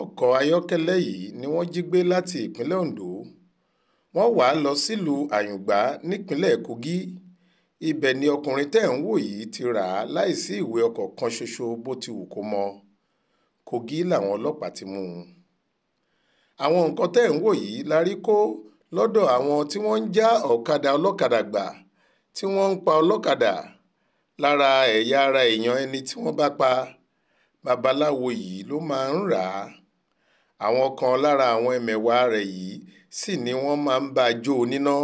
ọkọ̀ ayọ́kẹ́lẹ́ yìí ni wọ́n jí gbé láti ìpínlẹ̀ ondo wọ́n wàá lọ sílùú àyùngbà nípínlẹ̀ kogi ibẹ̀ ni ọkùnrin tẹ́ ẹ̀ ń wò yìí ti rà á láìsí ìwé ọkọ̀ kan ṣoṣo bó ti wù kó mọ kogi làwọn ọlọ́pàá ti mú un àwọn nǹkan tẹ́ ń wò yìí la rí kó lọ́dọ̀ àwọn tí wọ́n ń já ọ̀kadà ọlọ́kadà gbà tí wọ́n ń pa ọlọ́kadà lára ẹ̀yà ara èèyàn ẹni tí wọ́n bá pa babaláwo yìí ló máa ń rà á àwọn kan lára àwọn ẹmẹ̀wà rẹ̀ yìí sì ni wọ́n máa ń bá a jó oníná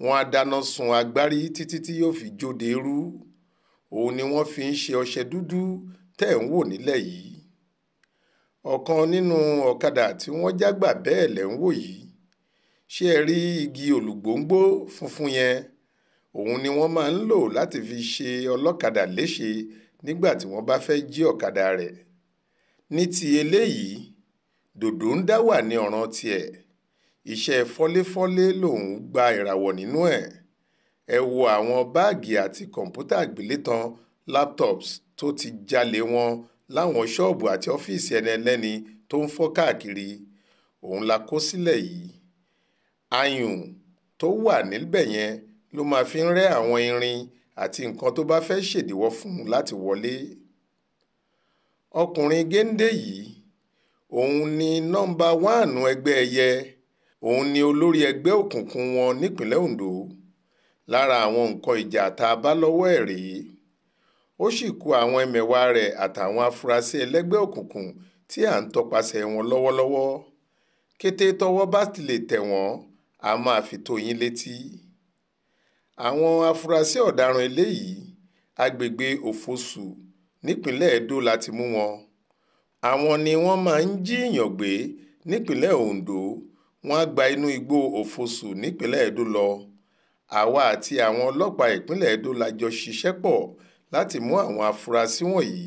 wọn á dáná sun agbárí títí tí yóò fi jóde irú òun ni wọ́n fi ń ṣe ọṣẹ dúdú tẹ̀ ń wò nílẹ̀ yìí ọ̀kan nínú ọ̀kadà tí wọ́n jágbà bẹ́ẹ̀ lẹ̀ ń wò yìí ṣé ẹ rí igi olùgbòǹgbò funfun yẹn òun ni wọ́n máa ń lò láti fi ṣe ọlọ́kadà léṣe nígbà tí wọ́n bá fẹ́ẹ́ jí ọ̀kadà rẹ̀ ní ti eléyìí dòdò ń dá wà ní ọ̀ràn tiẹ̀ iṣẹ́ fọ́léfọ́lé lòún gba ìràwọ̀ nínú ẹ̀ ẹ wo àwọn báàgì àti kọ̀ǹpútà àgbélétan laptops tó ti jalè wọn láwọn ṣọ́ọ̀bù àti ọ́fíìsì ẹni ẹlẹ́ni tó ń fọ́ káàkiri òun la kó sílẹ̀ yìí ayùn tó wà níbẹ̀ yẹn ló máa fi ń rẹ́ àwọn irin àti nǹkan tó bá fẹ́ ṣèdíwọ́ fún un láti wọlé ọkùnrin géńdé yìí òun ni nọ́mbà wáànù ẹgbẹ́ ẹyẹ òun ni olórí ẹgbẹ́ òkùnkùn wọn nípínlẹ̀ Ondo lára àwọn nǹkan ìjà tá a bá lọ́wọ́ ẹ̀ rèé ó sì kù àwọn ẹmẹ̀wà rẹ̀ àtàwọn afurasí ẹlẹ́gbẹ́ òkùnkùn tí à ń tọpasẹ̀ wọn lọ́wọ́lọ́wọ́ kété tọ́wọ́ bá ti tẹ̀ wọ́n a máa fi tó yín létí àwọn afurasí ọ̀daràn eléyìí àgbègbè òfòṣù nípìnlẹ̀ edo la ti mú wọn àwọn ni wọ́n máa ń jíìyàn gbé nípìnlẹ̀ ondo wọ́n á gba inú igbó òfòṣù nípìnlẹ̀ edo lọ àwa àti àwọn ọlọ́pàá ìpínlẹ̀ edo la jọ ṣiṣẹ́ pọ̀ láti mú àwọn afurasí wọ̀nyí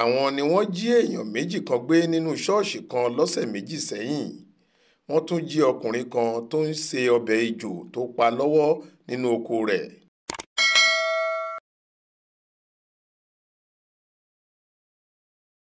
àwọn ni wọ́n jí èèyàn méjì kan gbé nínú ṣọ́ọ̀ṣì kan lọ́sẹ̀ méjì sẹ́yìn wọ́n tún jí ọkùnrin kan tó ń se ọbẹ̀ ejò tó pa lọ́wọ́ nínú oko rẹ̀